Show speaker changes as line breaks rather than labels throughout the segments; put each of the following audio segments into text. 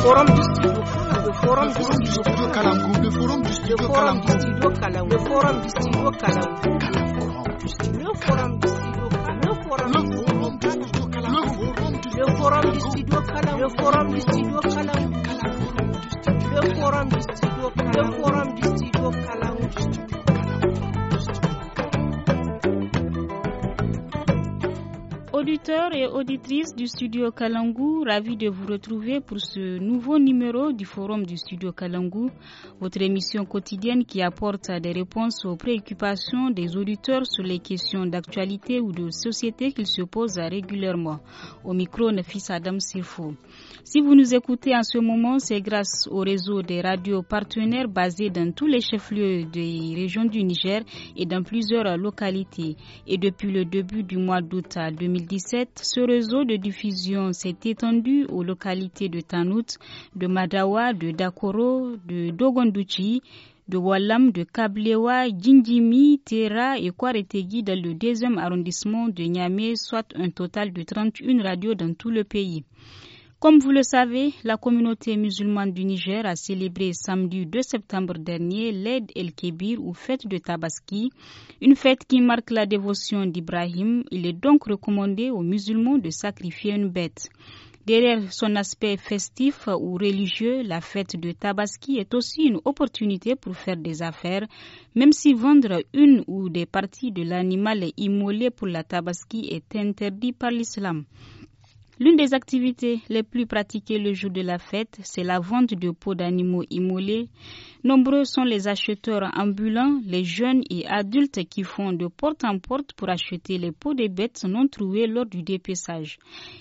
forum du studio le forum du studio Kalamgou le forum du studio
Kalamgou le forum du studio Kalamgou le forum
du studio Kalamgou le forum le forum du studio Kalamgou le forum du studio Kalamgou le forum du studio Kalamgou le forum du studio Kalamgou
auditeurs et auditrices du studio Kalangu, ravi de vous retrouver pour ce nouveau numéro du forum du studio Kalangu, votre émission quotidienne qui apporte des réponses aux préoccupations des auditeurs sur les questions d'actualité ou de société qu'ils se posent régulièrement. Au micro, fils Adam Sifo. Si vous nous écoutez en ce moment, c'est grâce au réseau des radios partenaires basés dans tous les chefs-lieux des régions du Niger et dans plusieurs localités. Et depuis le début du mois d'août 2017, ce réseau de diffusion s'est étendu aux localités de Tanout, de Madawa, de Dakoro, de Dogonduchi, de Wallam, de Kablewa, Jinjimi, Tera et Kwaretegi dans le deuxième arrondissement de Niamey, soit un total de 31 radios dans tout le pays. Comme vous le savez, la communauté musulmane du Niger a célébré samedi 2 septembre dernier l'Aid el kebir ou fête de Tabaski, une fête qui marque la dévotion d'Ibrahim. Il est donc recommandé aux musulmans de sacrifier une bête. Derrière son aspect festif ou religieux, la fête de Tabaski est aussi une opportunité pour faire des affaires, même si vendre une ou des parties de l'animal immolé pour la Tabaski est interdit par l'islam. L'une des activités les plus pratiquées le jour de la fête, c'est la vente de peaux d'animaux immolés. Nombreux sont les acheteurs ambulants, les jeunes et adultes qui font de porte en porte pour acheter les peaux des bêtes non trouvées lors du dépeçage.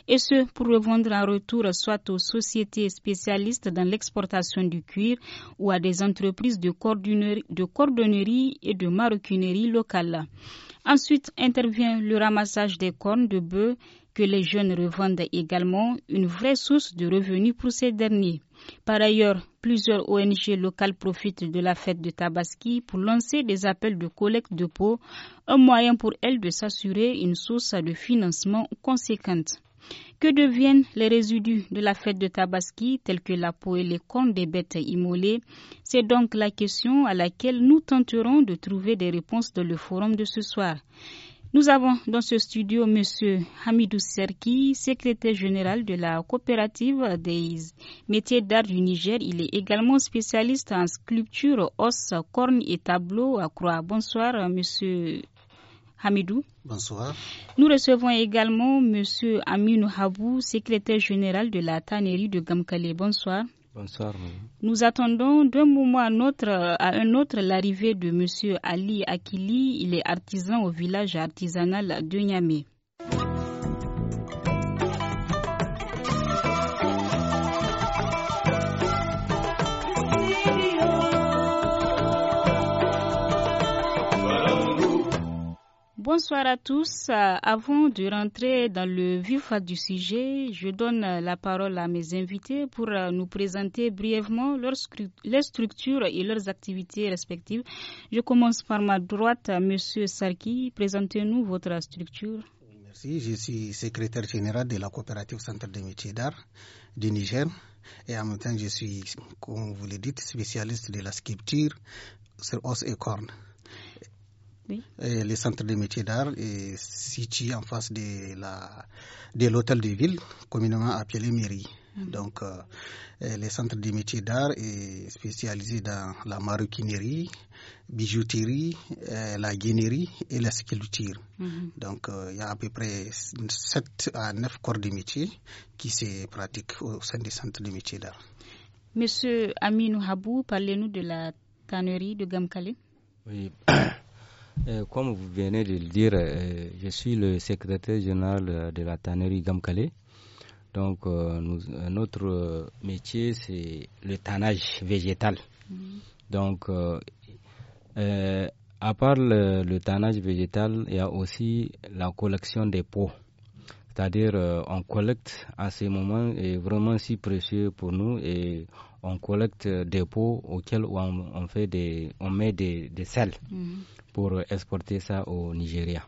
Et ce, pour revendre en retour soit aux sociétés spécialistes dans l'exportation du cuir ou à des entreprises de cordonnerie, de cordonnerie et de maroquinerie locales. Ensuite intervient le ramassage des cornes de bœufs que les jeunes revendent également une vraie source de revenus pour ces derniers. Par ailleurs, plusieurs ONG locales profitent de la fête de Tabaski pour lancer des appels de collecte de peau, un moyen pour elles de s'assurer une source de financement conséquente. Que deviennent les résidus de la fête de Tabaski, tels que la peau et les cornes des bêtes immolées C'est donc la question à laquelle nous tenterons de trouver des réponses dans le forum de ce soir. Nous avons dans ce studio M. Hamidou Serki, secrétaire général de la coopérative des métiers d'art du Niger. Il est également spécialiste en sculpture, os, cornes et tableaux à croix. Bonsoir, M. Hamidou. Bonsoir. Nous recevons également M. Aminou Habou, secrétaire général de la tannerie de Gamkale. Bonsoir. Nous attendons d'un moment à, à un autre l'arrivée de M. Ali Akili. Il est artisan au village artisanal de Niamey. Bonsoir à tous. Euh, avant de rentrer dans le vif du sujet, je donne la parole à mes invités pour euh, nous présenter brièvement leurs, structures et leurs activités respectives. Je commence par ma droite, euh, Monsieur Sarki. Présentez-nous votre
structure. Merci. Je suis secrétaire général de la coopérative Centre des métiers d'art du Niger. Et en même temps, je suis, comme vous le dites, spécialiste de la sculpture sur os et cornes le centre des métiers d'art est situé en face de la de l'hôtel de ville, communément appelé mairie. Mm-hmm. Donc, euh, le centre des métiers d'art est spécialisé dans la maroquinerie, bijouterie, la guinerie et la sculpture. Mm-hmm. Donc, euh, il y a à peu près 7 à 9 corps de métiers qui se pratiquent au sein du centre des métiers d'art.
Monsieur Aminou Habou, parlez-nous de la tannerie de Gamkale.
Oui, euh, comme vous venez de le dire, euh, je suis le secrétaire général euh, de la tannerie Gamkale. Donc, notre métier, c'est le tannage végétal. Mm-hmm. Donc, à part le, tannage végétal, il y a aussi la collection des pots. C'est-à-dire, on collecte à ces moments, et vraiment si précieux pour nous, et on collecte des pots auxquels on, on fait des, on met des, des sels mhm. pour exporter ça au Nigeria.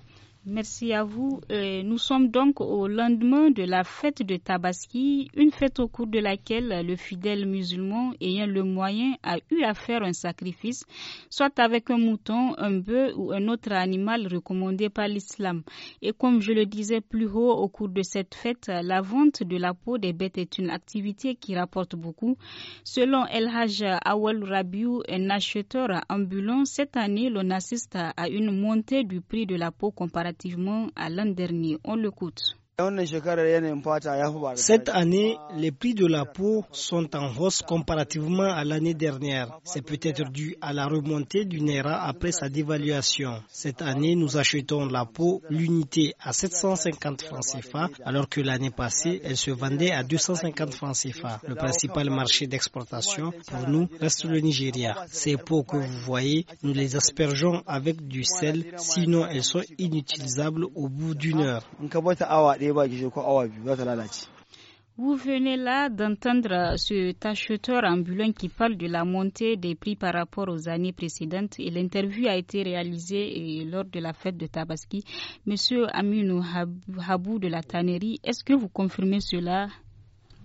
Merci à vous. Euh, nous sommes donc au lendemain de la fête de Tabaski, une fête au cours de laquelle le fidèle musulman ayant le moyen a eu à faire un sacrifice, soit avec un mouton, un bœuf ou un autre animal recommandé par l'islam. Et comme je le disais plus haut au cours de cette fête, la vente de la peau des bêtes est une activité qui rapporte beaucoup. Selon El Haja Awal Rabiou, un acheteur ambulant, cette année, l'on assiste à une montée du prix de la peau comparativement relativement à l'an dernier. On l'écoute.
Cette année, les prix de la peau sont en hausse comparativement à l'année dernière. C'est peut-être dû à la remontée du Naira après sa dévaluation. Cette année, nous achetons la peau, l'unité, à 750 francs CFA, alors que l'année passée, elle se vendait à 250 francs CFA. Le principal marché d'exportation pour nous reste le Nigeria. Ces peaux que vous voyez, nous les aspergeons avec du sel, sinon elles sont inutilisables au bout d'une heure.
Vous venez là d'entendre ce tacheteur ambulant qui parle de la montée des prix par rapport aux années précédentes et l'interview a été réalisée euh, lors de la fête de Tabaski. Monsieur Aminou Habou de la tannerie, est-ce que vous confirmez cela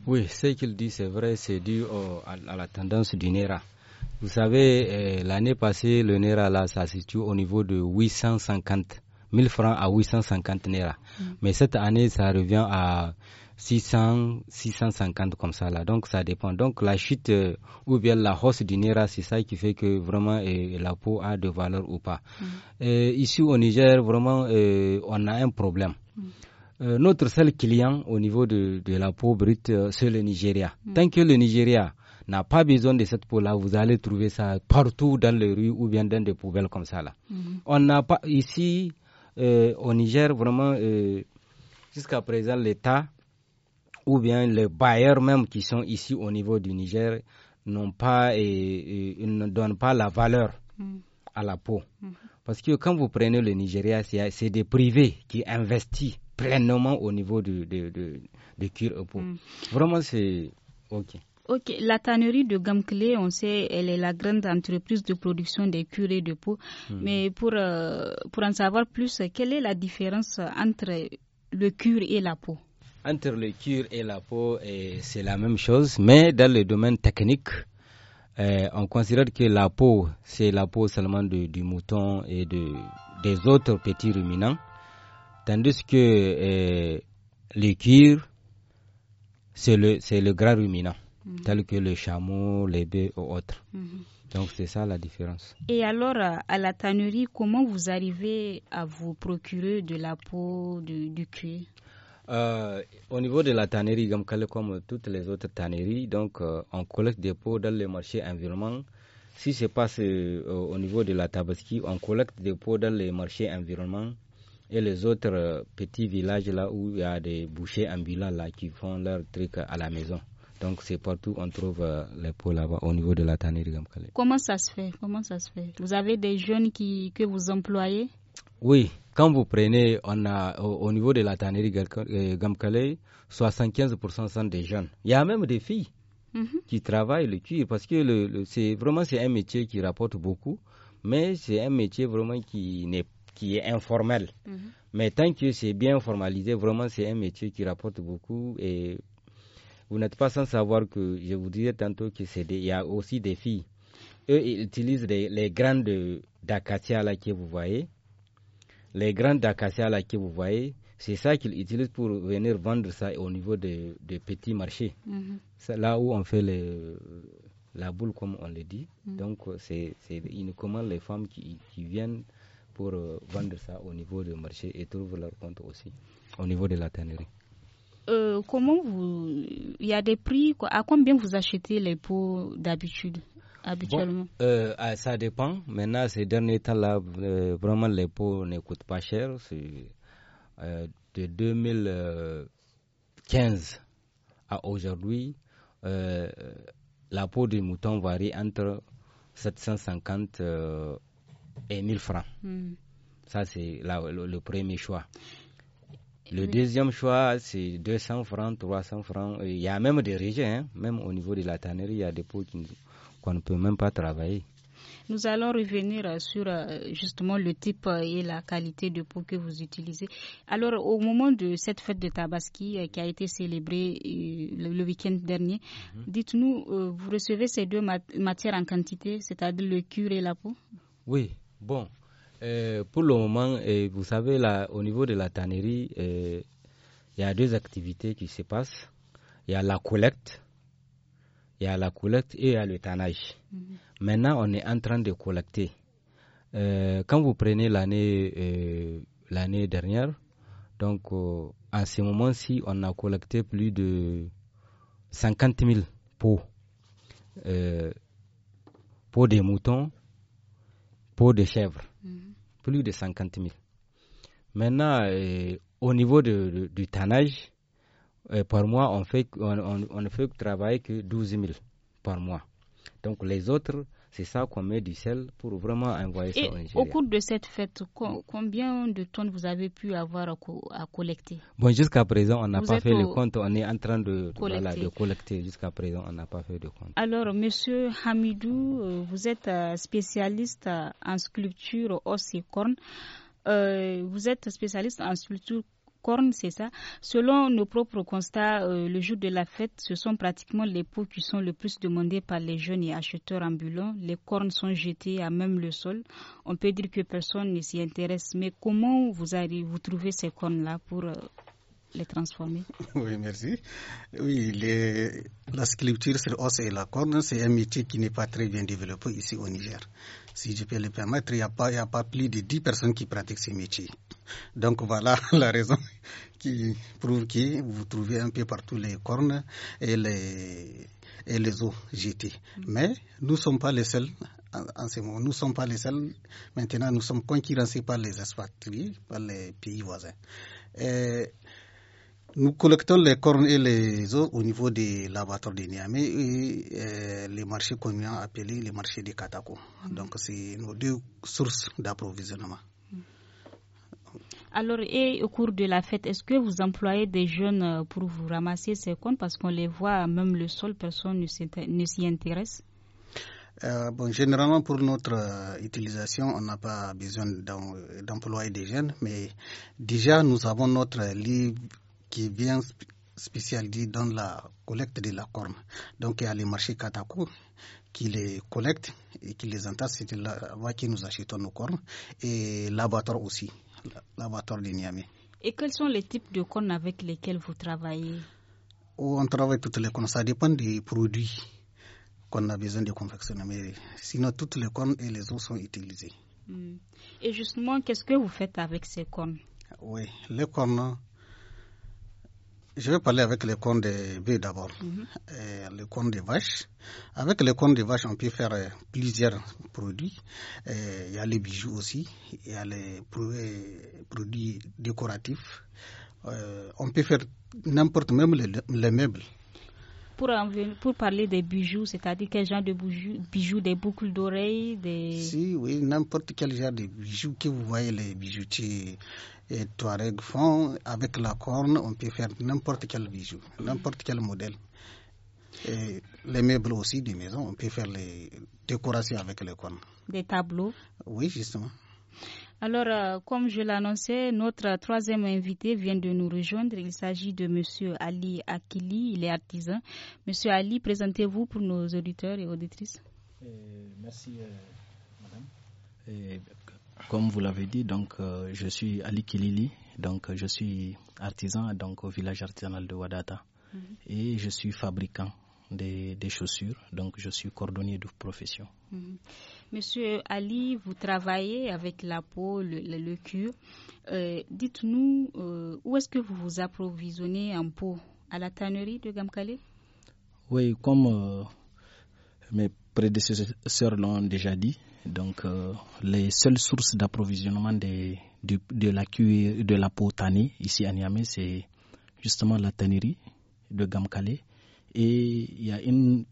Oui, ce qu'il dit c'est vrai, c'est dû à, la tendance du NERA. Vous savez, euh, l'année passée, le NERA là, ça situe au niveau de 850. 1000 francs à 850 naira. Mm. Mais cette année, ça revient à 600, 650 comme ça là. Donc ça dépend. Donc la chute euh, ou bien la hausse du naira, c'est ça qui fait que vraiment euh, la peau a de valeur ou pas. Mm. Euh, ici au Niger, vraiment, on a un problème. Mm. notre seul client au niveau de, la peau brute, c'est le Nigeria. Tant que le Nigeria n'a pas besoin de cette peau-là, vous allez trouver ça partout dans les rues ou bien dans des poubelles comme ça là. On n'a pas ici euh, au Niger, vraiment, euh, jusqu'à présent, l'État ou bien les bailleurs même qui sont ici au niveau du Niger n'ont pas et, ne donnent pas la valeur mm. à la peau. Mm-hmm. Parce que quand vous prenez le Nigeria, c'est des privés qui investissent pleinement au niveau de, de, peau. Mm. Vraiment, c'est... OK
la tannerie de Gamclé, on sait, elle est la grande entreprise de production des et de peau. Mhm. Mais pour, euh, pour en savoir plus, quelle est la différence entre le cure et la peau
Entre le cure et la peau, eh, c'est la même chose, mais dans le domaine technique, eh, on considère que la peau, c'est la peau seulement du, mouton et de, des autres petits ruminants, tandis que eh, le cure, c'est le, le grand ruminant. Mhm. tels que les chameaux, les baies ou autres. Mhm. Donc c'est ça la différence.
Et alors, euh, à la tannerie, comment vous arrivez à vous procurer de la peau, du, cuir
euh, au niveau de la tannerie, comme toutes les autres tanneries, donc euh, on collecte des peaux dans les marchés environnants. Si c'est pas au niveau de la Tabaski, on collecte des peaux dans les marchés environnants et les autres petits villages là où il y a des bouchers ambulants là qui font leur trucs à la maison. Donc c'est partout on trouve euh, les pots là-bas au niveau de la tannerie Gamkale.
Comment ça se fait Comment ça se fait Vous avez des jeunes qui que vous employez
Oui, quand vous prenez on a au, niveau de la tannerie euh, Gamkale, 75% sont des jeunes. Il y a même des filles mhm. qui travaillent le cuir parce que le, c'est vraiment c'est un métier qui rapporte beaucoup, mais c'est un métier vraiment qui n'est qui est informel. Mhm. Mais tant que c'est bien formalisé, vraiment, c'est un métier qui rapporte beaucoup. Et vous n'êtes pas sans savoir que, je vous disais tantôt qu'il y a aussi des filles. Eux, ils utilisent les, grandes d'acacia là que vous voyez. Les grandes d'acacia là que vous voyez, c'est ça qu'ils utilisent pour venir vendre ça au niveau des, petits marchés. Mhm. c'est là où on fait la boule, comme on le dit. Mhm. Donc, c'est uniquement les femmes qui, viennent pour euh, vendre ça au niveau du marché et trouver leur compte aussi, au niveau de la tannerie.
Euh, comment vous. Il y a des prix. À combien vous achetez les peaux d'habitude habituellement
euh, ah, Ça dépend. Maintenant, ces derniers temps-là, euh, vraiment, les peaux ne coûtent pas cher. de 2015 à aujourd'hui, la peau du mouton varie entre 750 et 1000 francs. Hmm. Ça, c'est le premier choix. Le mhm. deuxième choix, c'est 200 francs, 300 francs. Il y a même des régions, hein. même au niveau de la tannerie, il y a des pots qu'on ne peut même pas travailler.
Nous allons revenir euh, sur euh, justement le type euh, et la qualité de peau que vous utilisez. Alors, au moment de cette fête de Tabaski qui a été célébrée le week-end dernier, mhm. dites-nous, vous recevez ces deux matières en quantité, c'est-à-dire le cuir et la peau
Oui, bon, euh, pour le moment, euh, vous savez, là, au niveau de la tannerie, euh, il y a deux activités qui se passent. Il y a la collecte, il y a la collecte et il y a le tannage. Mhm. Maintenant, on est en train de collecter. quand vous prenez l'année l'année dernière, donc à ce moment-ci, on a collecté plus de 50 000 pots, pots de moutons, peaux de chèvres plus de 50 000. Maintenant, euh, au niveau de, du tannage, pour euh, par mois, on, fait, on, on, ne fait travailler que 12 000 par mois. Donc les autres, c'est ça qu'on met du sel pour vraiment envoyer Et au Au cours
de cette fête, combien de tonnes vous avez pu avoir à, collecter
Bon, jusqu'à présent, on n'a pas fait le compte. On est en train de collecter. collecter. Jusqu'à présent, on n'a pas fait de compte.
Alors, monsieur Hamidou, euh, euh, euh, vous êtes spécialiste en sculpture os et cornes. vous êtes spécialiste en sculpture cornes, c'est ça. Selon nos propres constats, euh, le jour de la fête, ce sont pratiquement les pots qui sont le plus demandés par les jeunes et acheteurs ambulants. Les cornes sont jetées à même le sol. On peut dire que personne ne s'y intéresse. Mais comment vous, allez vous trouver ces cornes-là pour euh, les transformer
Oui, merci. Oui, les, la sculpture sur os et la corne, c'est un métier qui n'est pas très bien développé ici au Niger. Si je peux le permettre, il n'y a, pas, a pas plus de 10 personnes qui pratiquent ce métier. Donc voilà la raison qui prouve que vous trouvez un peu partout les cornes et les, et les os jetés. Mm. Mais nous ne sommes pas les seuls en ce moment. Nous ne sommes pas les seuls. Maintenant, nous sommes concurrencés par les expatriés, par les pays voisins. Et nous collectons les cornes et les os au niveau des laboratoires de Niamey et euh, les marchés qu'on appelés les marchés des Katako. Mm. Donc, c'est nos deux sources d'approvisionnement. Mm.
Alors, et au cours de la fête, est-ce que vous employez des jeunes euh, pour vous ramasser ces cornes Parce qu'on les voit, même le sol, personne ne s'y intéresse.
Euh, bon, généralement, pour notre utilisation, on n'a pas besoin d'employer des jeunes, mais déjà, nous avons notre livre qui est bien spécialisé dans la collecte de la corne. Donc il y a les marchés Katako qui les collectent et qui les entassent. C'est là-bas que nous achetons nos cornes et l'abattoir aussi, l'abattoir de Niamey.
Et
quels sont les types de cornes avec lesquels vous travaillez
On travaille toutes les cornes, ça dépend des produits qu'on a besoin de confectionner. Mais sinon, toutes les cornes et les os sont utilisées.
Hmm. Et justement, qu'est-ce que vous faites avec ces cornes
Oui, les cornes, je vais parler avec les condes de d'abord, mhm. euh, le les des vaches. Avec les compte des vaches, on peut faire euh, plusieurs produits. Euh, il y a les bijoux aussi, il y a les produits décoratifs. on peut faire n'importe même les, meubles.
Pour, parler des bijoux, c'est-à-dire quel genre de bijoux, bijoux des boucles d'oreilles des...
Si, oui, n'importe quel genre de bijoux que vous voyez, les bijoutiers, et Touareg font, avec la corne, on peut faire n'importe quel bijou, n'importe quel modèle. Et les meubles aussi des maisons, on peut faire les décorations avec les cornes.
Des tableaux
Oui, justement.
Alors, euh, comme je l'annonçais, notre troisième invité vient de nous rejoindre. Il s'agit de Monsieur Ali Akili, il est artisan. Monsieur Ali, présentez-vous pour nos auditeurs et auditrices.
Euh, merci, euh, madame. Comme vous l'avez dit, donc, euh, je suis Ali Kilili, donc, je suis artisan donc, au village artisanal de Wadata mhm. et je suis fabricant des, chaussures, donc je suis cordonnier de profession.
Mhm. Monsieur Ali, vous travaillez avec la peau, le, le, cuir. Euh, dites-nous, euh, où est-ce que vous vous approvisionnez en peau À la tannerie de Gamkale
Oui, comme mes prédécesseurs l'ont déjà dit, donc, euh, les seules sources d'approvisionnement de, de, la cuir, de la peau tannée ici à Niamey, c'est justement la tannerie de Gamkale. Et il y a une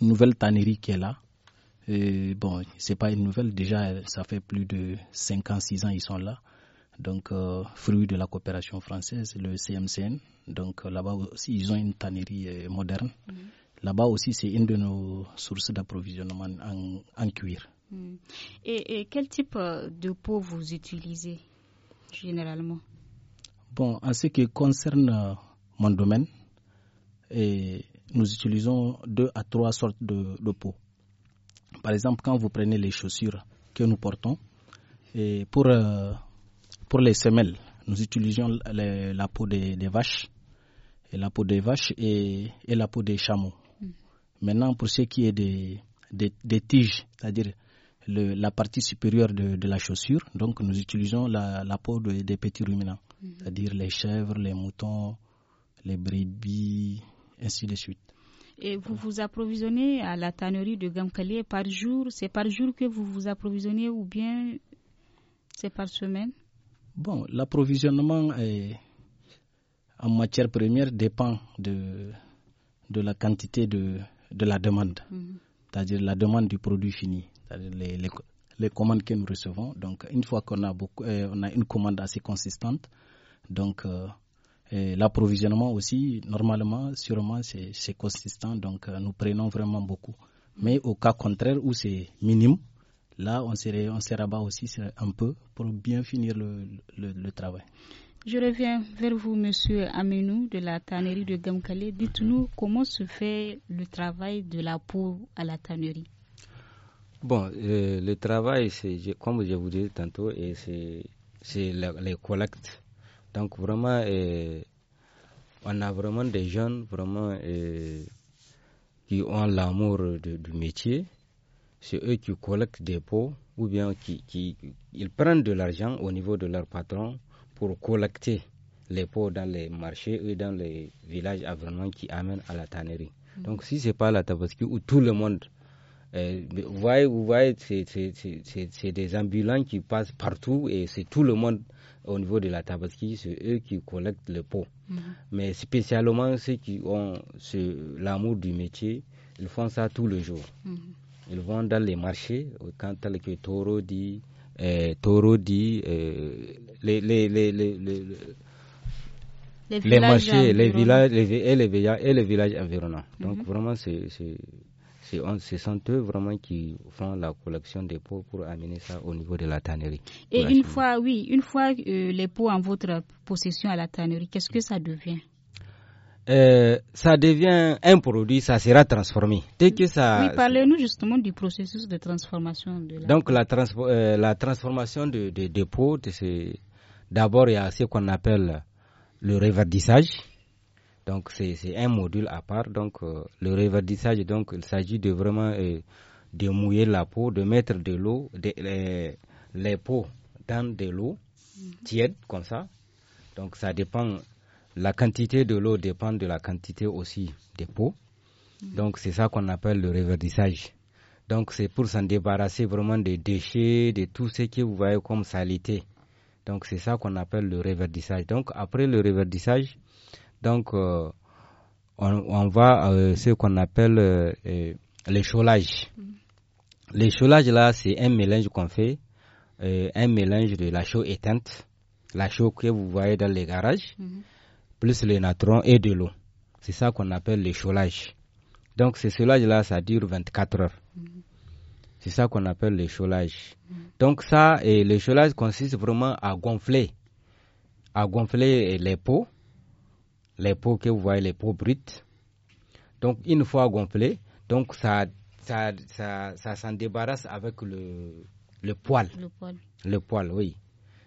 nouvelle tannerie qui est là. Bon, bon, c'est pas une nouvelle, déjà, ça fait plus de 5 ans, 6 ans, ils sont là. Donc, euh, fruit de la coopération française, le CMCN. Donc, euh, là-bas aussi, ils ont une tannerie moderne. Mhm. Là-bas aussi, c'est une de nos sources d'approvisionnement en cuir. Hmm.
Et, quel type euh, de peau vous utilisez généralement
Bon, en ce qui concerne euh, mon domaine, nous utilisons deux à trois sortes de, de, peau. Par exemple, quand vous prenez les chaussures que nous portons, pour, euh, pour les semelles, nous utilisons la peau des, vaches, et la peau des vaches et, la peau des chameaux. Hmm. Maintenant, pour ce qui est des tiges, c'est-à-dire la partie supérieure de, la chaussure. Donc, nous utilisons la, peau des petits ruminants, mhm. c'est-à-dire les chèvres, les moutons, les brebis, ainsi de suite.
Et vous vous approvisionnez à la tannerie de Gamkali par jour C'est par jour que vous vous approvisionnez ou bien c'est par semaine
Bon, l'approvisionnement en matière première dépend de, de la quantité de, de la demande. Mhm c'est-à-dire la demande du produit fini, cest les, commandes que nous recevons. Donc, une fois qu'on a, euh, on a une commande assez consistante, donc euh, l'approvisionnement aussi, normalement, sûrement, c'est consistant. Donc, euh, nous prenons vraiment beaucoup. Mais au cas contraire où c'est minime, là, on se, on rabat aussi un peu pour bien finir le travail. Je
reviens vers vous, Monsieur Aminou de la tannerie de Gamkale. Dites-nous comment se fait le travail de la peau à la tannerie.
Bon, euh, le travail, c'est comme je vous disais tantôt, et c'est les collectes. Donc vraiment, euh, on a vraiment des jeunes vraiment euh, qui ont l'amour du métier. C'est eux qui collectent des peaux, ou bien qui, ils prennent de l'argent au niveau de leur patron pour collecter les pots dans les marchés et dans les villages environnants qui amènent à la tannerie. Mm-hmm. Donc si ce n'est pas la tabaski où tout le monde... vous voyez, vous c'est des ambulants qui passent partout et c'est tout le monde au niveau de la tabaski, c'est eux qui collectent les pots. Mm-hmm. Mais spécialement ceux qui ont l'amour du métier, ils font ça tous les jours.
Mm-hmm.
Ils vont dans les marchés, quand tel que Toro dit, eh, Toro dit eh, les, les,
marchés, les villages,
et, les villages, et les villages environnants. Mhm. Donc vraiment, ce sont eux vraiment qui font la collection des pots pour amener ça au niveau de la tannerie. Et une
fois, oui, une fois euh, les pots en votre possession à la tannerie, qu'est-ce que ça devient
euh, ça devient un produit, ça sera transformé. Dès que ça.
parlez-nous justement du processus de transformation Donc
la, euh, la transformation de, de, de peau, c'est d'abord il y a ce qu'on appelle le réverdissage. Donc c'est un module à part. Donc euh, le réverdissage, donc il s'agit de vraiment de mouiller la peau, de mettre de l'eau, les, les peaux dans de l'eau mhm. tiède comme ça. Donc ça dépend la quantité de l'eau dépend de la quantité aussi des pots. Mm-hmm. Donc c'est ça qu'on appelle le réverdissage. Donc c'est pour s'en débarrasser vraiment des déchets, de tout ce que vous voyez comme salité. Donc c'est ça qu'on appelle le réverdissage. Donc après le réverdissage, donc euh, on, va à euh, ce qu'on appelle le euh, l'écholage. Mm-hmm. L'écholage là, c'est un mélange qu'on fait, un mélange de la chaux éteinte, la chaux que vous voyez dans les garages. Mm-hmm plus le natron et de l'eau. C'est ça qu'on appelle le cholage. Donc ce cholage là ça dure 24 heures. Mm. C'est ça qu'on appelle le cholage. Mm. Donc ça, et le cholage consiste vraiment à gonfler, à gonfler les peaux, les peaux que vous voyez, les peaux brutes. Donc une fois gonflé, donc ça, ça, ça, ça s'en débarrasse avec le, le poil. Le poil. Le poil, oui.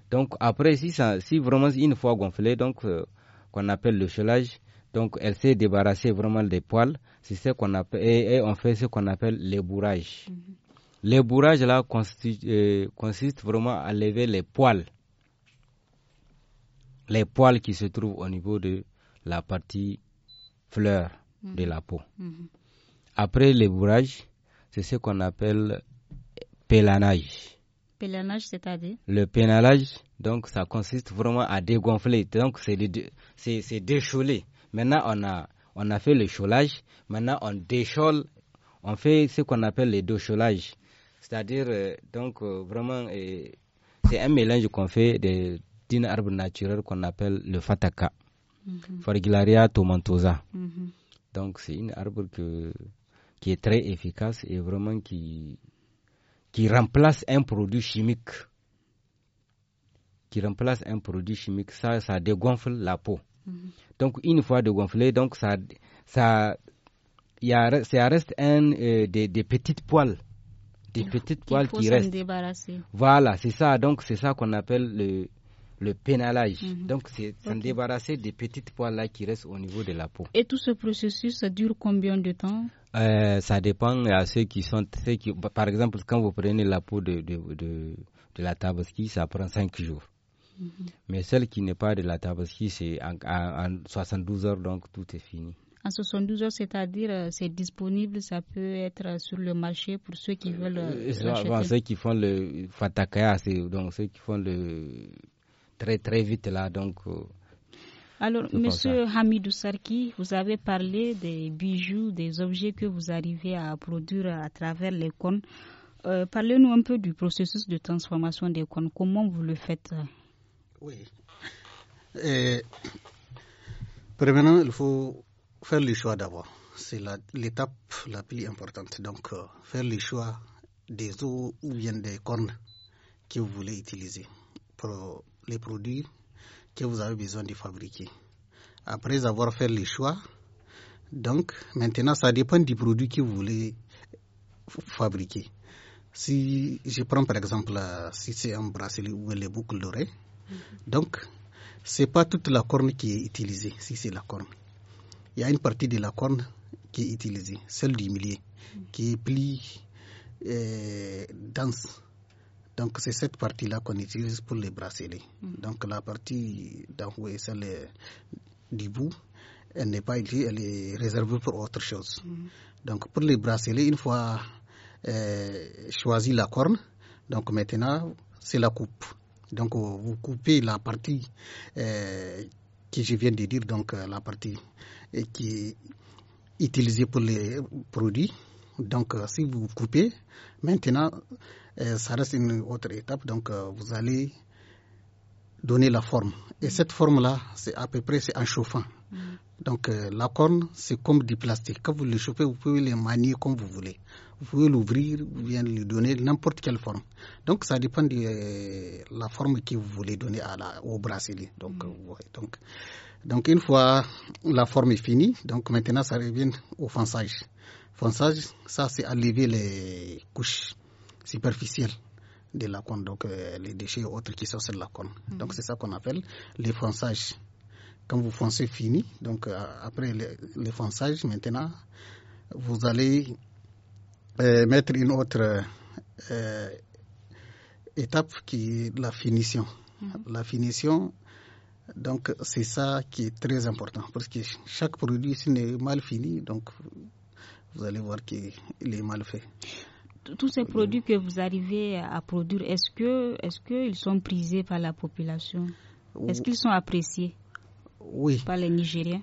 Donc après, si, ça, si vraiment une fois gonflé, donc euh, qu'on appelle le chelage. Donc, elle s'est débarrassée vraiment des poils. C'est ce qu'on appelle, et, on fait ce qu'on appelle les bourrages. Mhm. Les bourrages là euh, consiste vraiment à lever les poils, les poils qui se trouvent au niveau de la partie fleur mhm. de la peau. Mhm. Après les bourrages, c'est ce qu'on appelle pélanage c'est-à-dire Le pénalage, donc, ça consiste vraiment à dégonfler. Donc, c'est décholer. Maintenant, on a, on a fait le cholage. Maintenant, on déchole. On fait ce qu'on appelle le décholage. C'est-à-dire, euh, donc, euh, vraiment, euh, c'est un mélange qu'on fait d'un arbre naturel qu'on appelle le fataka. Mhm. tomentosa. Mhm. Donc, c'est un arbre que, qui est très efficace et vraiment qui qui remplace un produit chimique. Qui remplace un produit chimique, ça, ça dégonfle la peau. Mhm. Donc, une fois dégonflé, donc ça, ça, reste un, euh, des, des, petites poils. Des petites poils qui restent. Voilà, c'est ça. Donc, c'est ça qu'on appelle le, le pénalage. Mhm. Donc, c'est se débarrasser des petites poils-là qui restent au niveau de la peau.
Et tout ce processus, ça dure combien de
temps
euh, ça dépend à ceux qui sont ceux qui, par exemple quand vous prenez la peau de, de, de, la tabaski ça prend 5 jours mhm. mais celle qui n'est pas de la tabaski c'est en, 72 heures donc tout est fini
en 72 heures, c'est-à-dire euh, c'est disponible, ça peut être sur le marché pour ceux qui euh, veulent.
ceux qui font le fatakaya, donc ceux qui font le très très vite là. Donc, euh,
alors, Monsieur Hamidou Sarki, vous avez parlé des bijoux, des objets que vous arrivez à produire à travers les cônes. Euh, parlez-nous un peu du processus de transformation des cônes. Comment vous le faites
Oui. premièrement, il faut faire le choix d'abord. C'est l'étape la, plus importante. Donc, euh, faire le choix des eaux ou bien des cônes que vous voulez utiliser pour les produits que vous avez besoin de fabriquer. Après avoir fait les choix, donc maintenant ça dépend du produit que vous voulez fabriquer. Si je prends par exemple, euh, si c'est un bracelet ou les boucles d'oreilles, mhm. donc c'est pas toute la corne qui est utilisée, si c'est la corne. Il y a une partie de la corne qui est utilisée, celle du milieu, mhm. qui est plus euh, dense donc c'est cette partie-là qu'on utilise pour les bracelets. Mm. Donc la partie et celle du bout, elle n'est pas utilisée, elle est réservée pour autre chose. Mm. Donc pour les bracelets, une fois euh, choisi la corne, donc maintenant c'est la coupe. Donc vous coupez la partie euh, que je viens de dire, donc euh, la partie qui est utilisée pour les produits. Donc, euh, si vous coupez, maintenant, euh, ça reste une autre étape. Donc, euh, vous allez donner la forme. Et mm. cette forme-là, c'est à peu près c'est en chauffant. Mm. Donc, la corne, c'est comme du plastique. Quand vous le chauffez, vous pouvez le manier comme vous voulez. Vous pouvez l'ouvrir vous pouvez lui donner n'importe quelle forme. Donc, ça dépend de la forme que vous voulez donner à au bracelet. Donc, mm. donc, donc, une fois la forme est finie, donc maintenant, ça revient au façage fonçage, ça c'est enlever les couches superficielles de la cône, donc euh, les déchets autres qui sont sur la cône. Mhm. Donc c'est ça qu'on appelle les fonçages. Quand vous foncez fini, donc euh, après les le fonçage, maintenant, vous allez euh, mettre une autre étape qui est la finition. Mhm. La finition, donc c'est ça qui est très important parce que chaque produit, s'il est mal fini, donc vous allez voir qu'il est mal fait.
Tous ces produits que vous arrivez à produire, est-ce que est-ce qu'ils sont prisés par la population Est-ce qu'ils sont appréciés oui. par les Nigériens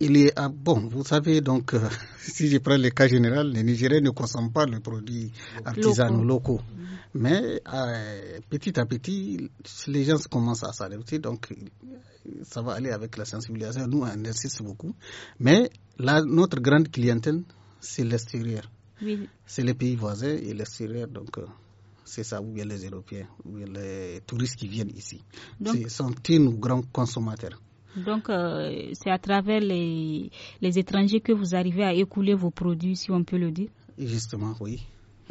il est ah, bon, vous savez, donc, euh, si je prends le cas général, les Nigériens ne consomment pas les produits artisanaux locaux. locaux. Mhm. Mais ah, petit à petit, les gens commencent à s'adapter, donc ça va aller avec la sensibilisation. Nous, on insiste beaucoup. Mais notre grande clientèle, c'est l'extérieur. C'est les pays voisins et l'extérieur, donc. Euh, c'est ça, ou bien les Européens, ou les touristes qui viennent ici. Donc, Ce sont tous nos grands consommateurs.
Donc, euh, c'est à travers les, étrangers que vous arrivez
à écouler vos produits, si on peut le dire Justement, oui.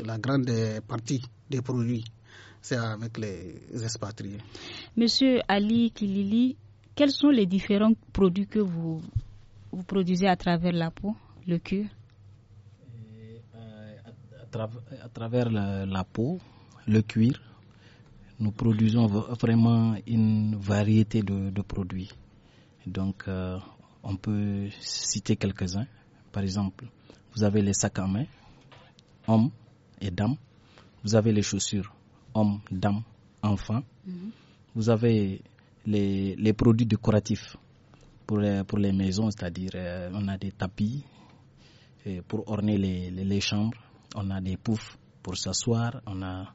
La grande partie des produits, c'est avec les expatriés.
Monsieur Ali Kilili, quels sont les différents produits que vous, produisez à travers la peau,
le cuir euh, à travers la, peau, le cuir, nous produisons vraiment une variété de produits. Donc, euh, on peut citer quelques-uns. Par exemple, vous avez les sacs à main, hommes et dames. Vous avez les chaussures, hommes, dames, enfants. Mm-hmm. Vous avez les, produits décoratifs pour, les maisons, c'est-à-dire euh, on a des tapis euh, pour orner les, chambres, on a des poufs pour s'asseoir, on a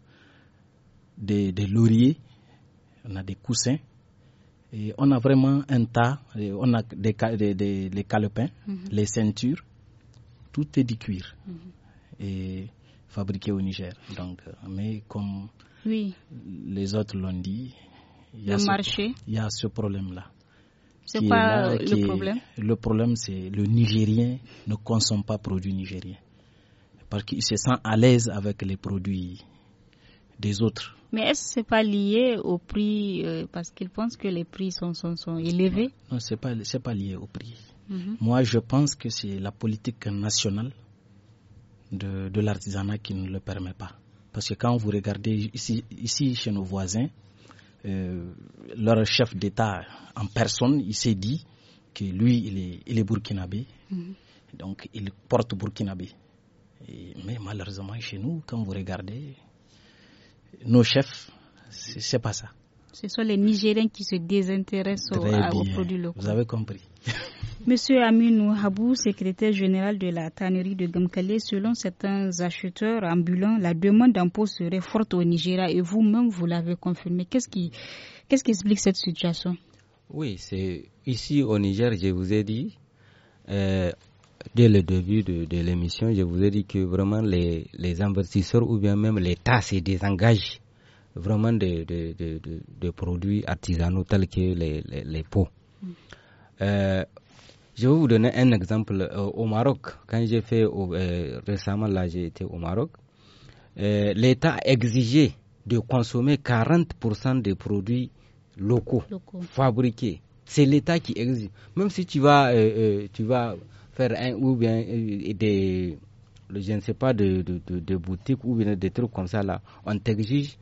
des, des lauriers, on a des coussins on a vraiment un tas, on a des, les calepins, mhm. les ceintures, tout est du cuir mhm. et fabriqué au Niger. Donc, euh, mais comme les autres l'ont dit, il y, a ce, marché. il ce problème-là. C'est pas le problème Le problème, c'est le Nigérien ne consomme pas produits nigériens parce qu'il se sent à l'aise avec les produits autres.
Mais est-ce que ce n'est pas lié au prix euh, Parce qu'ils pensent que les prix sont, sont, sont élevés.
Non, ce n'est pas, lié au prix. Mhm. Moi, je pense que c'est la politique nationale de, de l'artisanat qui ne le permet pas. Parce que quand vous regardez ici, ici chez nos voisins, euh, leur chef d'État en personne, il s'est dit que lui, il est, il est burkinabé. Mhm. Donc, il porte burkinabé. mais malheureusement, chez nous, quand vous regardez, nos chefs, c'est pas ça.
Ce sont les Nigériens qui se désintéressent aux, produits locaux. Vous avez compris. Monsieur Aminou Habou, secrétaire général de la tannerie de Gamkale, selon certains acheteurs ambulants, la demande d'impôt serait forte au Nigeria et vous-même, vous, l'avez confirmé. Qu'est-ce qui, explique cette situation
Oui, c'est ici au Niger, je vous ai dit, euh, dès le début de, l'émission, je vous ai dit que vraiment les, investisseurs ou bien même l'État se désengage vraiment de, produits artisanaux tels que les, les, pots. Euh, je vais vous donner un exemple euh, au Maroc. Quand j'ai fait euh, récemment, là j'ai été au Maroc, l'État exigeait de consommer 40% des produits locaux, locaux. fabriqués. C'est l'État qui exige. Même si tu vas, tu vas un ou bien euh, des je ne sais pas de, de, ou bien des trucs comme ça là on t'exige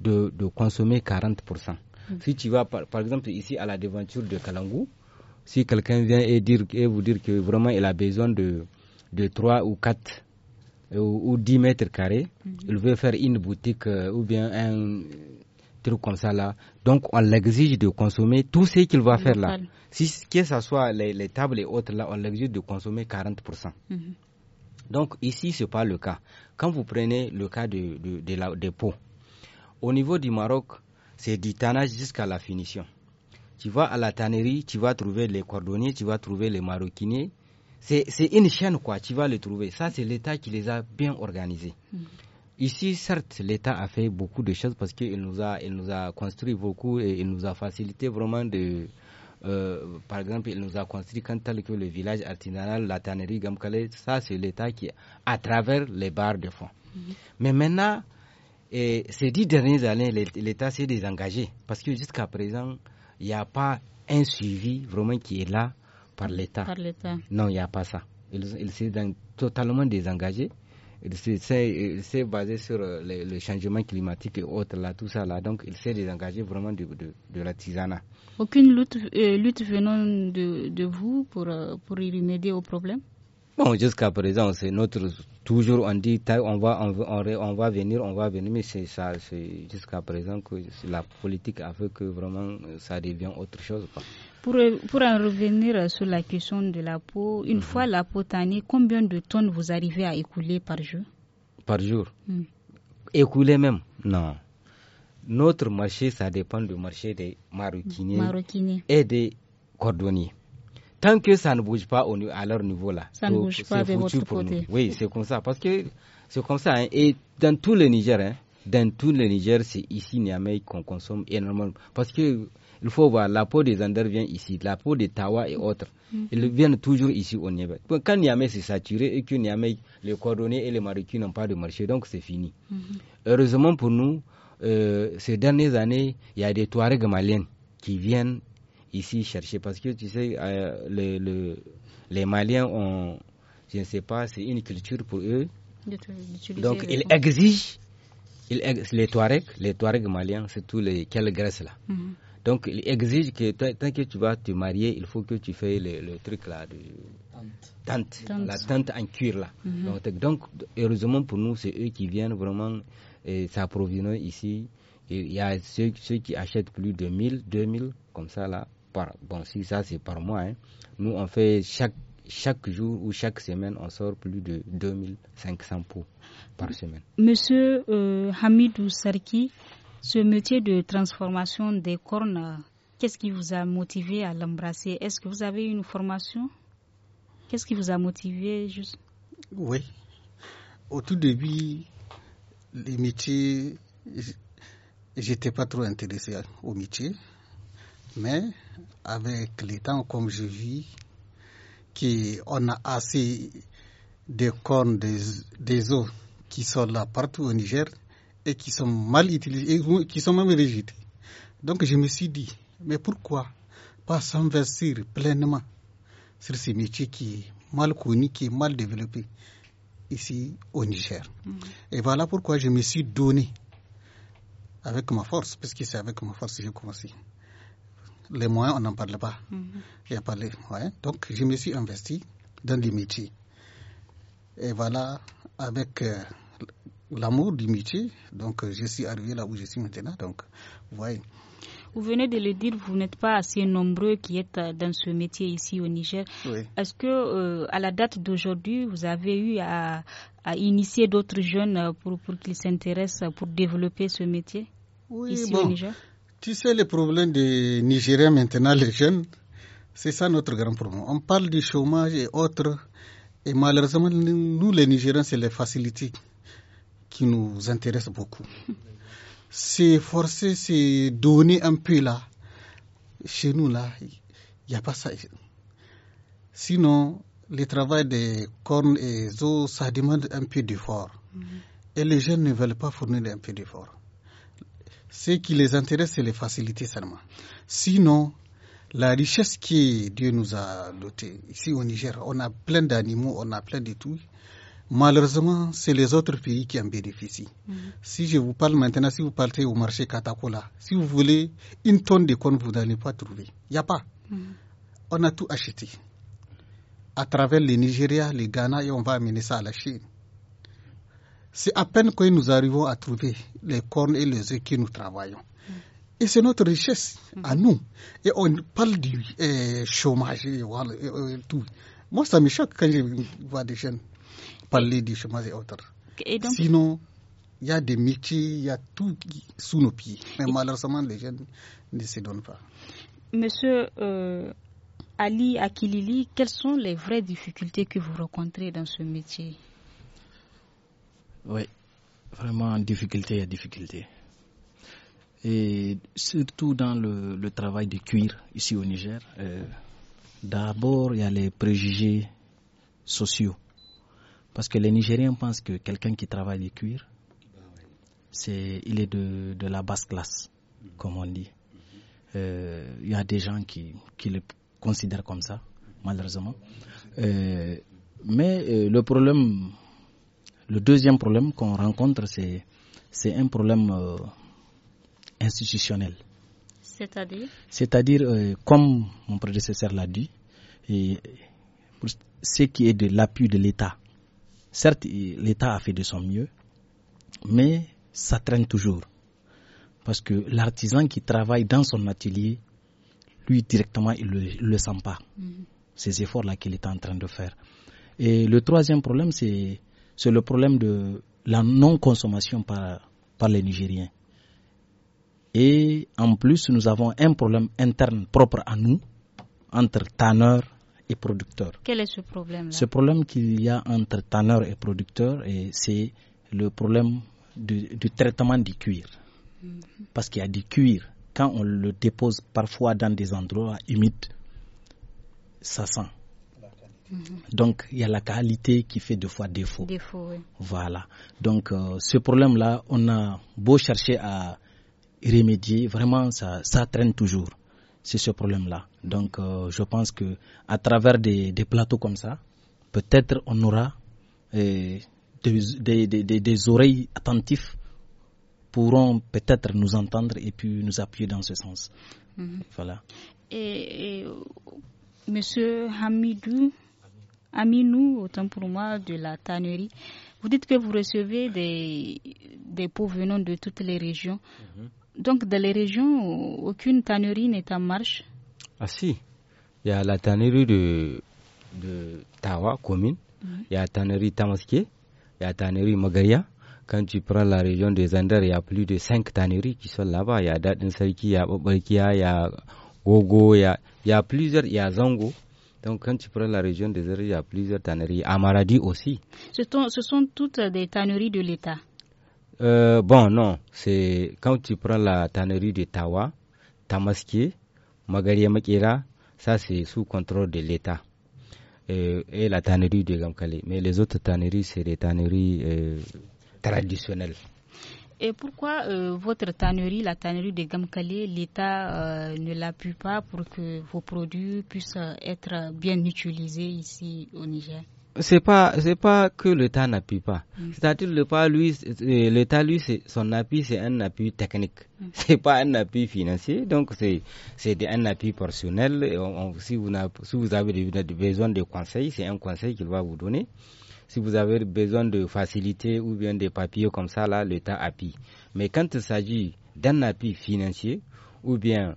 de, consommer 40%. Mm. Si tu vas par, exemple ici à la devanture de Kalangu si quelqu'un vient et, dire, et vous dire que vraiment il a besoin de, de 3 ou 4 euh, ou, 10 mètres carrés, mm-hmm. il veut faire une boutique euh, ou bien un, comme ça là. Donc on l'exige de consommer tout ce qu'il va faire là. Si que ce soit les, tables et autres là, on l'exige de consommer 40%. Mhm. Donc ici, ce n'est pas le cas. Quand vous prenez le cas de, la, des pots, au niveau du Maroc, c'est du tannage jusqu'à la finition. Tu vas à la tannerie, tu vas trouver les cordonniers, tu vas trouver les maroquiniers. C'est une chaîne, quoi, tu vas les trouver. Ça, c'est l'État qui les a bien organisés. Mhm. Ici, certes, l'État a fait beaucoup de choses parce qu'il nous a, il nous a construit beaucoup et il nous a facilité vraiment de, euh, par exemple, il nous a construit que le village artisanal, la tannerie Gamkale, ça c'est l'État qui, à travers les barres de fond. Mhm. Mais maintenant, ces dix dernières années, l'État s'est désengagé parce que jusqu'à présent, il n'y a pas un suivi vraiment qui est là par l'État. Non, il n'y a pas ça. Il, il s'est totalement désengagé il s'est basé sur euh, le, changement climatique et autres, là, tout ça. Là. Donc, il s'est désengagé vraiment de, de, de
Aucune lutte, euh, lutte venant de, de, vous pour, euh, pour y remédier au problème
Bon, jusqu'à présent, c'est notre. Toujours, on dit, on va, on, on venir, on va venir, mais c'est ça, c'est jusqu'à présent que la politique a fait que vraiment ça devient autre chose.
Pour, en revenir sur la question de la peau, une mhm. fois la peau tannée, combien de tonnes vous arrivez à écouler par jour Par jour mm.
Écouler même Non. Notre marché, ça dépend du marché des maroquiniers, et des cordonniers. Tant que ça ne bouge pas au, à leur niveau là, ça bouge pas pour Oui, c'est comme ça. Parce que c'est comme ça. Hein. Et dans tout le Niger, hein, dans tout le Niger, c'est ici Niamey qu'on consomme énormément. Parce que il faut voir, la peau des Anders vient ici, la peau des Tawa et mhm. autres. Mhm. Ils viennent toujours ici au Niamey. Quand Niamey s'est saturé et que Niamey, les coordonnées et les marocains n'ont pas de marché, donc c'est fini. Mhm. Heureusement pour nous, euh, ces dernières années, il y a des Touaregs maliens qui viennent ici chercher. Parce que tu sais, euh, les Maliens ont, je ne sais pas, c'est une culture pour eux. Donc ils exigent, les Touaregs, les Touaregs maliens, tous les quelle graisse là. Donc, il exige que tant que tu vas te marier, il faut que tu fasses le, truc là de tente. la tente en cuir là. Mhm. donc, heureusement pour nous, c'est eux qui viennent vraiment ça provient ici. Il y a ceux, qui achètent plus de 1000, 2000, comme ça là. Par, bon, si ça c'est par mois, hein. nous on fait chaque, chaque jour ou chaque semaine, on sort plus de 2500 pots par semaine.
Monsieur Hamid euh, Hamidou Sarki, ce métier de transformation des cornes, qu'est-ce qui vous a motivé à l'embrasser Est-ce que vous avez une formation Qu'est-ce qui vous a motivé
juste Oui. Au tout début, les métiers, j'étais pas trop intéressé au métier. Mais avec les temps, comme je vis, qu'on a assez de cornes des, des eaux qui sont là partout au Niger, et qui sont mal utilisés qui sont même rejetés. Donc je me suis dit, mais pourquoi pas s'investir pleinement sur ces métiers qui mal connu, qui est mal développé ici au Niger. Mm. Et voilà pourquoi je me suis donné avec ma force, parce que c'est avec ma force que j'ai commencé. Les moyens, on n'en parle pas. Mm-hmm. Il n'y a pas les moyens. Donc, je me suis investi dans les métiers. Et voilà, avec euh, l'amour du métier. Donc, euh, je suis arrivé là où je suis maintenant. Donc, vous
venez de le dire, vous n'êtes pas assez nombreux qui êtes euh, dans ce métier ici au Niger. Est-ce que, euh, à la date d'aujourd'hui, vous avez eu à, initier d'autres jeunes pour, qu'ils s'intéressent, pour développer ce métier ici au Niger
Tu sais, le problème des Nigériens maintenant, les jeunes, c'est ça notre grand problème. On parle du chômage et autres, et malheureusement, nous, les Nigériens, c'est les facilités qui nous intéresse beaucoup. C'est forcer, c'est donner un peu là. Chez nous, là, il n'y a pas ça. Sinon, le travail des cornes et des os, ça demande un peu d'effort. Mhm. Et les jeunes ne veulent pas fournir un peu d'effort. Ce qui les intéresse, c'est les facilités seulement. Sinon, la richesse que Dieu nous a dotée, ici au Niger, on a plein d'animaux, on a plein de tout. Malheureusement, c'est les autres pays qui en bénéficient. Mm-hmm. Si je vous parle maintenant, si vous partez au marché Katakola, si vous voulez une tonne de cornes, vous n'allez pas trouver. Il n'y a pas. Mm-hmm. On a tout acheté. À travers le Nigeria, le Ghana, et on va amener ça à la Chine. C'est à peine que nous arrivons à trouver les cornes et les œufs que nous travaillons. Mm-hmm. Et c'est notre richesse à nous. Et on parle du eh, chômage euh, et tout. Moi, ça me choque quand je vois des jeunes parler du chemin et autres. Sinon, il y a des métiers, il y a tout sous nos pieds. Mais malheureusement, les jeunes ne se donnent pas.
Monsieur euh, Ali Akilili, quelles sont les vraies difficultés que vous rencontrez dans ce métier
Oui, vraiment, difficulté à difficulté. Et surtout dans le, travail de cuir ici au Niger, euh, d'abord, il y a les préjugés sociaux parce que les Nigériens pensent que quelqu'un qui travaille les cuir, c'est, il est de, la basse classe, comme on dit. Euh, il y a des gens qui, le considèrent comme ça, malheureusement. Euh, mais euh, le problème, le deuxième problème qu'on rencontre, c'est, c'est un problème institutionnel.
C'est-à-dire
C'est-à-dire, comme mon prédécesseur l'a dit, et pour ce qui est de l'appui de l'État Certes, l'État a fait de son mieux, mais ça traîne toujours. Parce que l'artisan qui travaille dans son atelier, lui directement, il ne le, sent pas. Mm. Ces efforts-là qu'il est en train de faire. Et le troisième problème, c'est le problème de la non-consommation par, les Nigériens. Et en plus, nous avons un problème interne propre à nous, entre tanneurs, et producteurs.
Quel est ce problème -là? Ce
problème qu'il y a entre tanneur et producteur, et c'est le problème du, traitement du cuir. Mm-hmm. Parce qu'il y a du cuir, quand on le dépose parfois dans des endroits humides, ça sent. Mm-hmm. Donc, il y a la qualité qui fait deux fois défaut. Voilà. Donc, euh, ce problème-là, on a beau chercher à remédier, vraiment, ça traîne toujours c'est ce problème-là. Donc, euh, je pense que à travers des, plateaux comme ça, peut-être on aura euh, des, oreilles attentives pourront peut-être nous entendre et puis nous appuyer dans ce sens. Mhm. Voilà.
Et, Monsieur Hamidou, Aminou, autant pour moi, de la tannerie, vous dites que vous recevez des, des pots venant de toutes les régions. Mhm. Donc, dans les régions, aucune tannerie n'est en marche
Ah si, il y a la tannerie de, de Tawa, commune, il y a la tannerie Tamaské, il y a la tannerie Magaria. Quand tu prends la région des Anders, il y a plus de cinq tanneries qui sont là-bas. Il y a Dadin il y a il y a Gogo, il y a, plusieurs, il y a Zango. Donc, quand tu prends la région des Anders, il y a plusieurs tanneries. Amaradi aussi.
Ce sont, ce sont toutes des tanneries de l'État
euh, Bon, non. C'est quand tu prends la tannerie de Tawa, Tamaski, Magariyamakira, ça c'est sous contrôle de l'État. Euh, et, la tannerie de Gamkali. Mais les autres tanneries, c'est des tanneries euh, traditionnelles.
Et pourquoi euh, votre tannerie, la tannerie de Gamkale, l'État ne l'appuie pas pour que vos produits puissent être bien utilisés ici au Niger
c'est pas c'est pas que l'État n'appuie pas. Mm. C'est-à-dire euh, l'État lui l'État son appui c'est un appui technique. Mm. C'est pas un appui financier donc c'est c'est un appui personnel. si vous si vous avez besoin de conseils c'est un conseil qu'il va vous donner. Si vous avez besoin de facilités ou bien des papiers comme ça là l'État appuie. Mais quand il s'agit d'un appui financier ou bien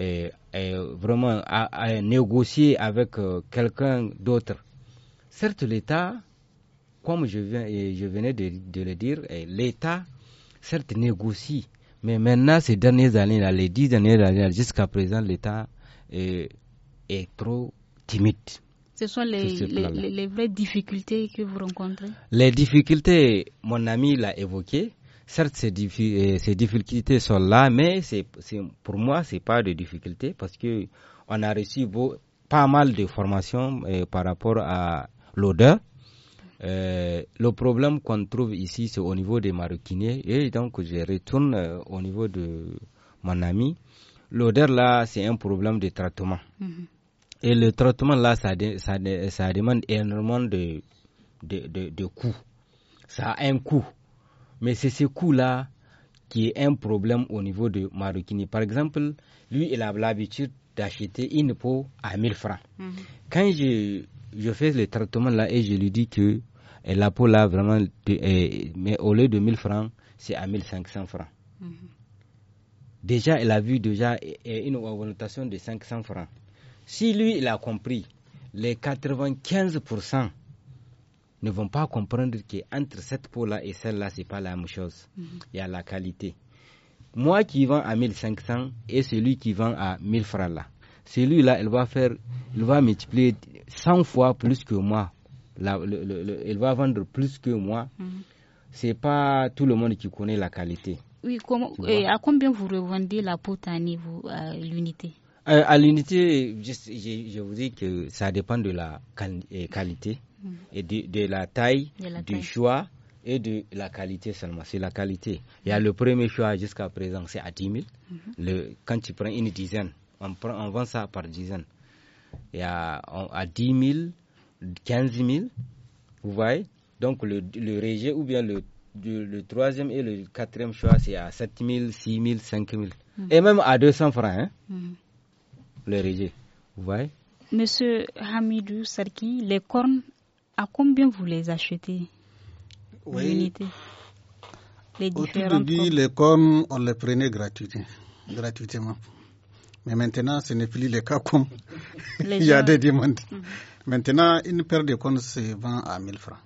euh, euh, vraiment à, négocier avec quelqu'un d'autre Certes, l'État, comme je, viens, je venais de, le dire, eh, l'État, certes, négocie. Mais maintenant, ces dernières années-là, les dix dernières années, jusqu'à présent, l'État est, trop timide.
Ce sont les, les, vraies difficultés que vous rencontrez
Les difficultés, mon ami l'a évoqué. Certes, ces, eh, ces, difficultés sont là, mais c'est pour moi, ce n'est pas de difficultés parce qu'on a reçu pas mal de formations eh, par rapport à l'odeur. Euh, le problème qu'on trouve ici, c'est au niveau des maroquiniers. Et donc, je retourne euh, au niveau de mon ami. L'odeur, là, c'est un problème de traitement. Mhm. Et le traitement, là, ça, ça, ça demande énormément de, de, coûts. Ça a un coût. Mais c'est ce coût-là qui est un problème au niveau de maroquinier. Par exemple, lui, il a l'habitude d'acheter une peau à 1000 francs. Mhm. Quand je je fais le traitement là et je lui dis que la peau là vraiment, mais au lieu de 1000 francs, c'est à 1500 francs. Mhm. Déjà, elle a vu déjà une augmentation de 500 francs. Si lui, il a compris, les 95% ne vont pas comprendre qu'entre cette peau-là et celle-là, ce n'est pas la même chose. Mhm. Il y a la qualité. Moi qui vends à 1500 et celui qui vend à 1000 francs là, celui-là, il va faire, il va multiplier 100 fois plus que moi. il va vendre plus que moi. Ce mhm. n'est C'est pas tout le monde qui connaît la qualité.
Oui, à combien vous revendez la peau à niveau à l'unité
euh, À l'unité, je, vous dis que ça dépend de la euh, qualité mhm. et de, la taille, du choix et de la qualité seulement. C'est la qualité. Il y a le premier choix jusqu'à présent, c'est à 10 000. Mhm. le, quand tu prends une dizaine, on, prend, on vend ça par dizaines. Il y a à 10 000, 15 000, vous voyez. Donc le, le rejet ou bien le, le, troisième et le quatrième choix, c'est à 7 000, 6 000, 5 000. Et même à 200 francs, hein, mm. le rejet, vous voyez.
Monsieur Hamidou Sarki, les cornes, à combien vous les achetez Oui. Les Au tout début, cornes.
les cornes, on les prenait gratuitement. Mais maintenant, ce n'est plus le cas comme
il y a des demandes.
Mhm. Maintenant, une paire de comptes se vend à 1000 francs.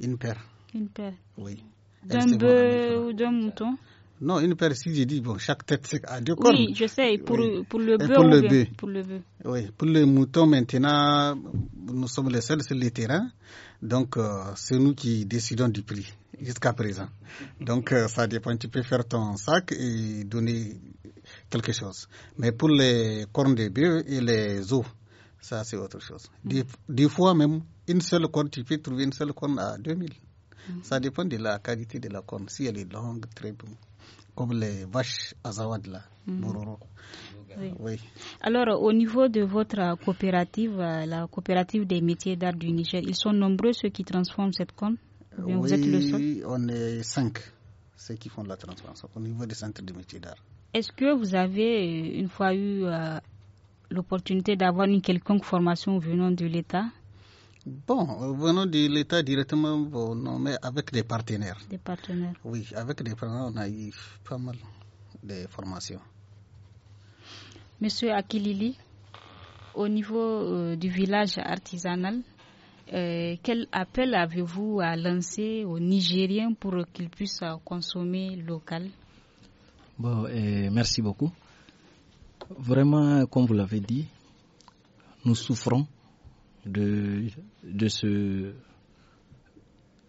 Une paire. Une paire. Oui. D'un bœuf
ou d'un mouton
Non, une paire, si j'ai dit, bon, chaque tête a deux cornes. Oui, je
sais, pour, pour le bœuf. Pour, le bœuf.
pour le bœuf. Oui, pour le mouton, maintenant, nous sommes les seuls sur le terrain. Donc, euh, c'est nous qui décidons du prix jusqu'à présent. Donc, euh, ça dépend. Tu peux faire ton sac et donner quelque chose. Mais pour les cornes de bœuf et les os, ça c'est autre chose. Mm. Des, fois même, une seule corne, tu peux trouver une seule corne à 2000. Mm. Ça dépend de la qualité de la corne. Si elle est longue, très bonne comme les vaches azawad là, mmh.
Alors, au niveau de votre coopérative, euh, la coopérative des métiers d'art du Niger, ils sont nombreux ceux qui transforment cette corne
oui, Vous êtes on est cinq, ceux qui font la transformation au niveau des centres de métiers d'art.
Est-ce que vous avez euh, une fois eu euh, l'opportunité d'avoir une quelconque formation venant de l'État
Bon, euh, venant de l'État directement, mais avec des partenaires.
Des partenaires.
Oui, avec des partenaires, on a eu pas mal de formations.
Monsieur Akilili, au niveau du village artisanal, quel appel avez-vous à lancer aux Nigériens pour qu'ils puissent consommer local
merci beaucoup. Vraiment, comme vous l'avez dit, nous souffrons de, de, ce,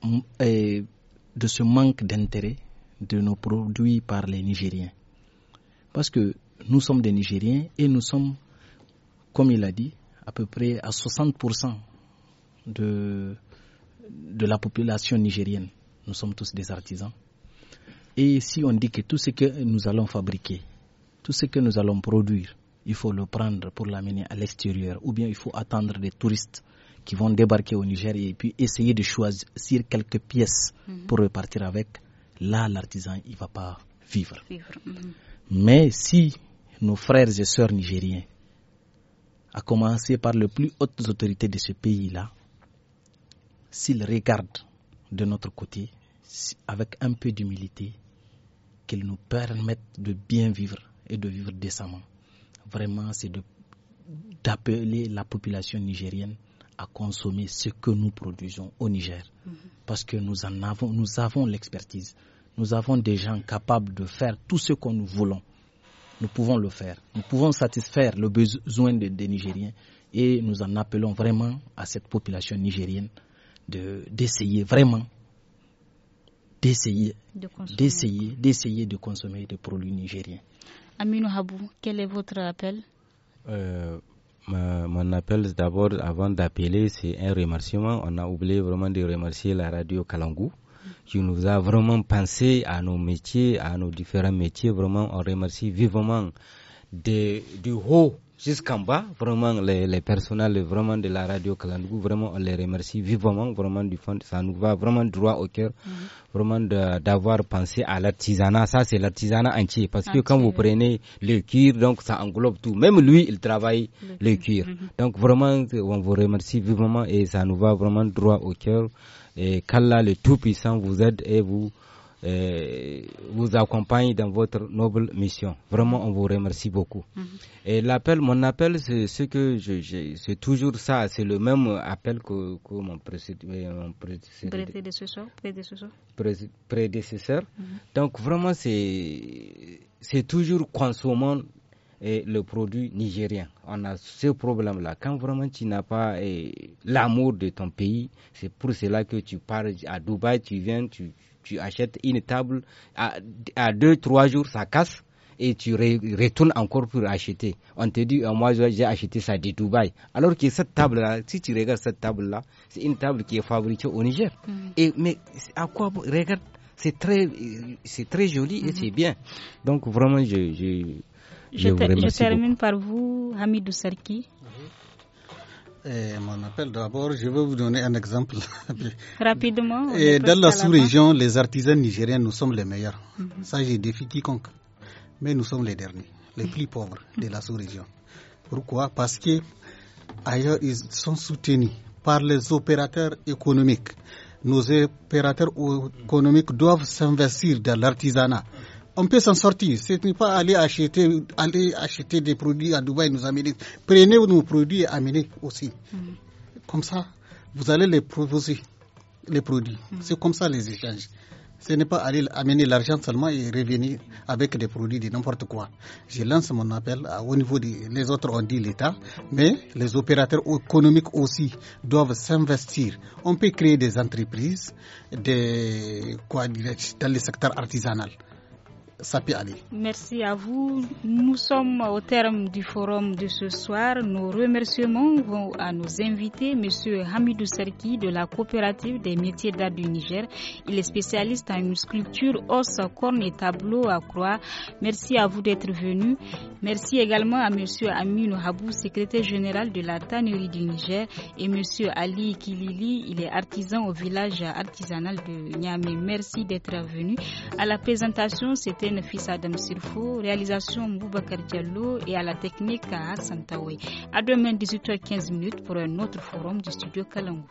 de ce manque d'intérêt de nos produits par les Nigériens. Parce que nous sommes des Nigériens et nous sommes, comme il a dit, à peu près à 60% de, de la population nigérienne. Nous sommes tous des artisans. Et si on dit que tout ce que nous allons fabriquer, tout ce que nous allons produire, il faut le prendre pour l'amener à l'extérieur, ou bien il faut attendre des touristes qui vont débarquer au Niger et puis essayer de choisir quelques pièces mhm. pour repartir avec, là l'artisan il ne va pas vivre. Mhm. Mais si nos frères et sœurs nigériens, à commencer par les plus hautes autorités de ce pays-là, s'ils regardent de notre côté, avec un peu d'humilité, qu'ils nous permettent de bien vivre et de vivre décemment. Vraiment, c'est d'appeler la population nigérienne à consommer ce que nous produisons au Niger. Mhm. Parce que nous en avons, nous avons l'expertise. Nous avons des gens capables de faire tout ce que nous voulons. Nous pouvons le faire. Nous pouvons satisfaire le besoin des, Nigériens. Et nous en appelons vraiment à cette population nigérienne d'essayer vraiment d'essayer, de d'essayer, de consommer des produits nigériens.
Aminou Habou, quel est votre appel
euh, Mon appel, d'abord, avant d'appeler, c'est un remerciement. On a oublié vraiment de remercier la radio Kalangou qui nous a vraiment pensé à nos métiers, à nos différents métiers. Vraiment, on remercie vivement du haut jusqu'en bas, vraiment les, les personnels vraiment de la radio Kalandou, vraiment on les remercie vivement, vraiment du fond, ça nous va vraiment droit au cœur, mhm. vraiment d'avoir pensé à l'artisanat, ça c'est l'artisanat entier, parce que quand vous prenez le cuir, donc ça englobe tout, même lui il travaille le, cuir, mhm. donc vraiment on vous remercie vivement et ça nous va vraiment droit au cœur, et qu'Allah le Tout-Puissant vous aide et vous euh, vous accompagne dans votre noble mission. Vraiment, on vous remercie beaucoup. Mhm. Et l'appel, mon appel, c'est ce que je... c'est toujours ça, c'est le même appel que, que mon, euh, prédécesseur. prédécesseur. prédécesseur. Mhm. Donc vraiment, c'est C'est toujours consommant euh, le produit nigérien. On a ce problème-là. Quand vraiment tu n'as pas l'amour de ton pays, c'est pour cela que tu pars à Dubaï, tu viens, tu, tu achètes une table, à, deux, trois jours, ça casse et tu retournes encore pour acheter. On te dit, moi j'ai acheté ça de Dubaï. Alors que cette table-là, si tu regardes cette table-là, c'est une table qui est fabriquée au Niger. Ah mais à quoi, regarde, c'est très, c'est très joli et mm-hmm. c'est
bien. Donc vraiment, je, je, je termine
par vous, Hamidou Serki.
Eh, mon appel d'abord, je veux vous donner un exemple.
Rapidement. Et eh, dans la sous-région,
les artisans nigériens, nous sommes les meilleurs. Mhm. Ça, j'ai défié quiconque. Mais nous sommes les derniers, les plus pauvres de la sous-région. Pourquoi Parce que ailleurs, ils sont soutenus par les opérateurs économiques. Nos opérateurs économiques doivent s'investir dans l'artisanat on peut s'en sortir. Ce n'est pas aller acheter, aller acheter des produits à Dubaï et nous amener. Prenez nos produits et amenez aussi. Mm. Comme ça, vous allez les proposer, les produits. Mm. C'est comme ça les échanges. Ce n'est pas aller amener l'argent seulement et revenir avec des produits de n'importe quoi. Je lance mon appel au niveau des les autres, on dit l'État, mais les opérateurs économiques aussi doivent s'investir. On peut créer des entreprises des, quoi, dans le secteur artisanal. Ali.
Merci à vous. Nous sommes au terme du forum de ce soir. Nos remerciements vont à nos invités, M. Hamidou Serki de la coopérative des métiers d'art du Niger. Il est spécialiste en sculpture, os, cornes et tableaux à croix. Merci à vous d'être venu. Merci également à M. Aminou Habou, secrétaire général de la tannerie du Niger, et M. Ali Kilili, il est artisan au village artisanal de Niamey. Merci d'être venu. À la présentation, c'était Fils Adam Sirfou, réalisation Boubacar Diallo et à la technique à Santa À demain 18h15 pour un autre forum du studio Kalangou.